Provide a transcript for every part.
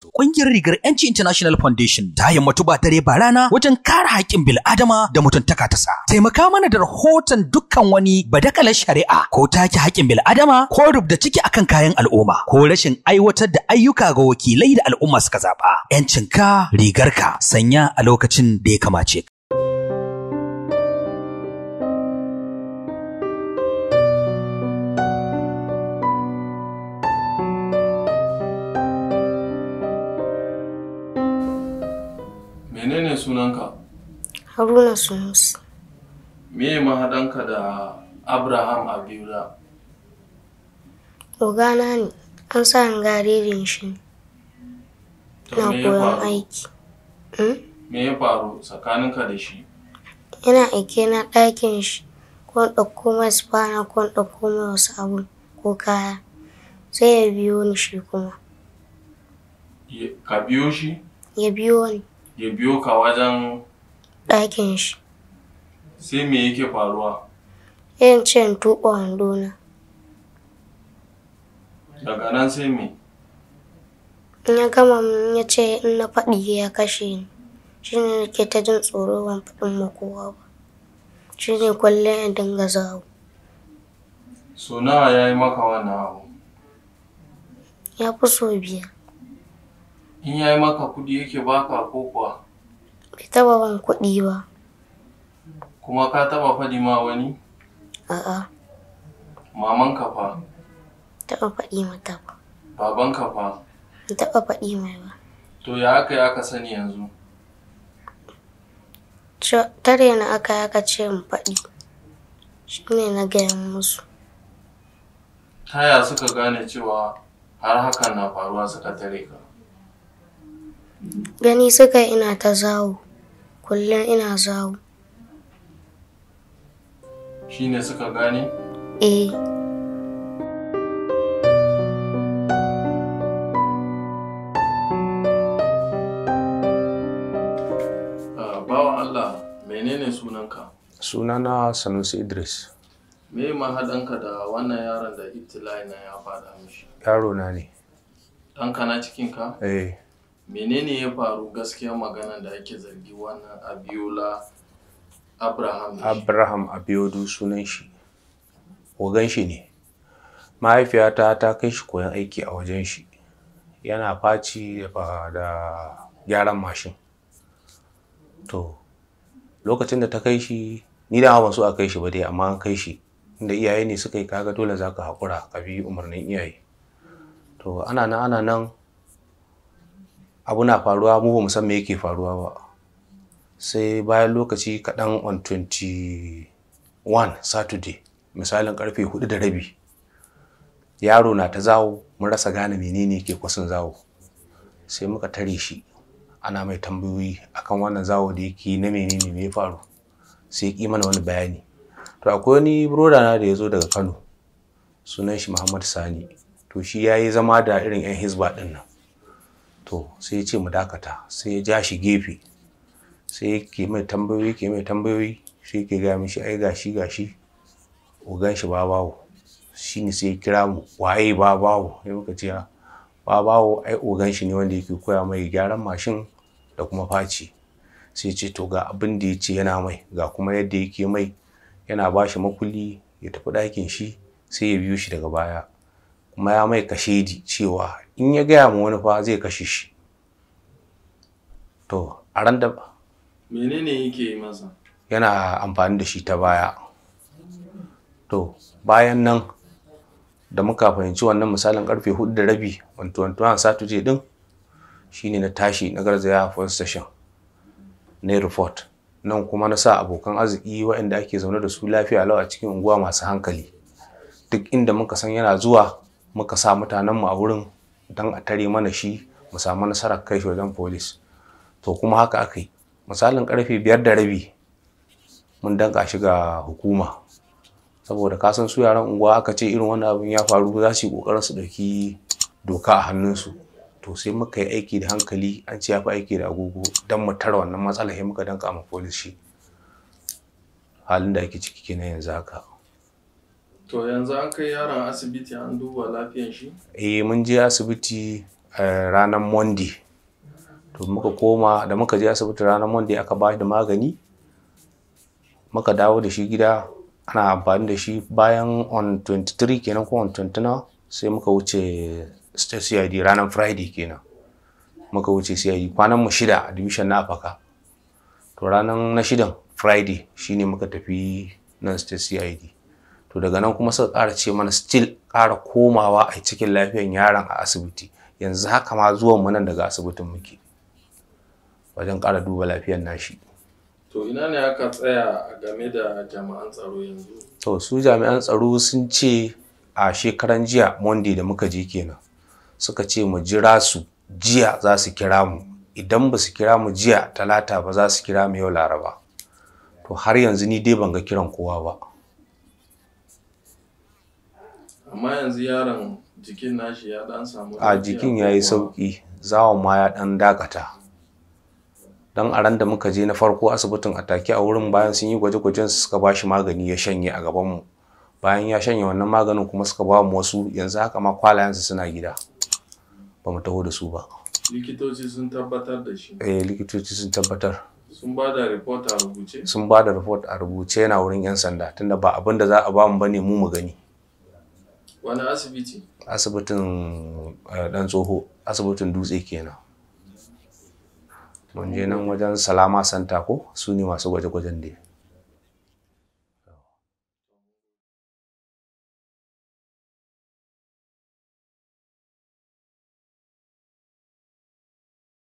Ƙungiyar Rigar Yanci International Foundation ta yammatu ba dare ba rana wajen kare haƙƙin bil'adama da mutuntaka ta sa. Taimaka mana da rahoton dukkan wani badakalar shari'a ko take haƙƙin bil'adama ko rubda ciki akan kayan al'umma ko rashin aiwatar da ayyuka ga wakilai da al'umma suka zaɓa. ‘Yancinka rigarka sanya a lokacin da ya kamace. sunanka? Haruna Sunusi. Me mahaɗanka da Abraham Abiuda? Ogana ne, an sa ni garirin shi na koyon aiki. Hmm? Me ya faru tsakaninka da shi? Yana aike na ɗakin shi, ko ɗauko mai spana ko ɗauko mai wasu abu ko kaya. Sai ya biyo ni shi kuma. Ka biyo shi? Ya biyo ni. ya biyo ka wajen ɗakin shi sai me yake faruwa yin ce in tuɓa wandona daga nan sai me in ya gama ya ce in na faɗi ya kashe ni shi ne ke ta jin tsoro ban faɗin ma kowa ba shi ne kwallon ya dinga zawo so nawa ya yi maka wannan abu ya fi so biyar In ya yi maka kuɗi yake baka ko kuwa? Bai taba ban kuɗi ba. Kuma ka taɓa faɗi ma wani? A'a. ka fa? Taɓa faɗi mata ba. Babanka fa? Bai taɓa faɗi mai ba. To ya aka yi aka sani yanzu? Tare na aka yi aka ce mu faɗi. Shi ne na gaya musu. Taya suka gane cewa har hakan na faruwa suka tare ka? Gani suka ina ta zawo, kullum ina zawo. Shi ne suka gane? Eh. Ah, Allah, Sunana Sanusi Idris. Me mahaɗanka da wannan yaron da ibtila'i na ya fada mishi? Yaro na ne. Ɗanka na cikinka? Eh. menene ya faru gaskiya magana da ake zargi wannan abiola abraham abraham abiodu sunan shi ogan shi ne mahaifiyata ta kai shi koyan aiki a wajen shi yana faci da gyaran mashin to lokacin da ta kai shi ni da ban so a kai shi ba dai amma an kai shi inda iyaye ne suka yi kaga dole za ka haƙura ka bi umarnin iyaye to ana nan ana nan abu na faruwa mu ba mu san me yake faruwa ba sai bayan lokaci kaɗan on 21 saturday misalin karfe hudu da rabi yaro na ta zawo mun rasa gane menene ke kwasan zawo sai muka tare shi ana mai tambayoyi akan wannan zawo da yake na menene me ya faru sai ki mana wani bayani to akwai wani broda na da ya zo daga Kano sunan shi Muhammad Sani to shi ya yi zama da irin yan Hisba ɗinnan. nan to sai ya ce mu dakata sai ya ja shi gefe sai ke mai tambayoyi ke mai tambayoyi sai ke gaya mishi ai gashi gashi ogan shi ba bawo shine sai ya kira mu waye ba bawo sai muka ce ba ai ogan shi ne wanda yake koya mai gyaran mashin da kuma faci sai ce to ga abin da ya ce yana mai ga kuma yadda yake mai yana ba shi makulli ya tafi ɗakin shi sai ya biyo shi daga baya kuma ya mai kashedi cewa in ya gaya ma wani fa zai kashe shi to a ran da menene yake masa yana amfani da shi ta baya to bayan nan da muka fahimci wannan misalin karfe hudu da rabi sa tuje din shine na tashi na garzaya a station na report nan kuma na sa abokan arziki waɗanda ake zaune da su lafiya lau a cikin unguwa masu hankali duk inda muka san yana zuwa muka sa mutanen mu a wurin don a tare mana shi mu samu nasarar kai shi wajen polis to kuma haka aka yi misalin karfe biyar da rabi mun danka shi ga hukuma saboda kasan su yaran unguwa aka ce irin wannan abin ya faru za su yi kokarin su dauki doka a hannunsu to sai muka yi aiki da hankali an ce ya fi aiki da agogo don mu tara wannan matsalar sai muka danka ma polis shi halin da ake ciki kenan yanzu haka To yanzu an kai yaron asibiti an duba lafiyan shi? Eh mun je asibiti eh, ranar Monday. To muka koma da muka je asibiti ranar Monday aka ba da magani. Muka dawo da shi gida ana amfani da shi bayan on 23 kenan ko on 29 sai muka wuce CID ranar Friday kenan. Muka wuce CID kwanan mu shida a division na Afaka. To ranar na shidan Friday shine muka tafi nan CID. to daga nan kuma suka ƙara ce mana still ƙara komawa a cikin lafiyan yaron a asibiti yanzu haka ma zuwan mu nan daga asibitin muke wajen ƙara duba lafiyan nashi to ina ne aka tsaya game da jami'an tsaro yanzu to su jami'an tsaro sun ce a shekaran jiya monday da muka je kenan suka ce mu jira su jiya za su kira mu idan ba su kira mu jiya talata ba za su kira mu yau laraba to har yanzu ni dai ban ga kiran kowa ba amma yanzu yaron jikin nashi ya dan samu a jikin ya yi sauki zawon ma ya dan dakata don a ran da muka je na farko asibitin a take a wurin bayan sun yi gwaje-gwajen suka ba shi magani ya shanye a gabanmu bayan ya shanye wannan maganin kuma suka ba mu wasu yanzu haka ma kwalayensu suna gida ba mu taho da su ba likitoci sun tabbatar da shi eh likitoci sun tabbatar sun ba da report a rubuce sun ba da report a rubuce yana wurin yan sanda tunda ba abin da za a ba mu bane mu mu gani wani asibiti asibitin dan eh, tsoho asibitin dutse kenan mun je nan wajen salama santa ko su ne masu gwaje-gwajen da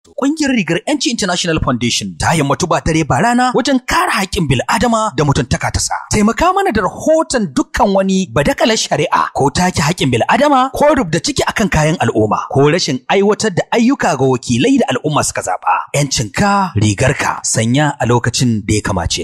Ƙungiyar Rigar Yanci International Foundation ta yammatu ba dare ba rana wajen kare haƙƙin bil'adama da mutuntaka ta sa. Taimaka mana da rahoton dukkan wani badakalar shari'a ko take haƙƙin bil'adama ko rubda ciki akan kayan al'umma ko rashin aiwatar da ayyuka ga wakilai da al'umma suka zaɓa. ‘Yancinka rigarka sanya a lokacin da ya kamace.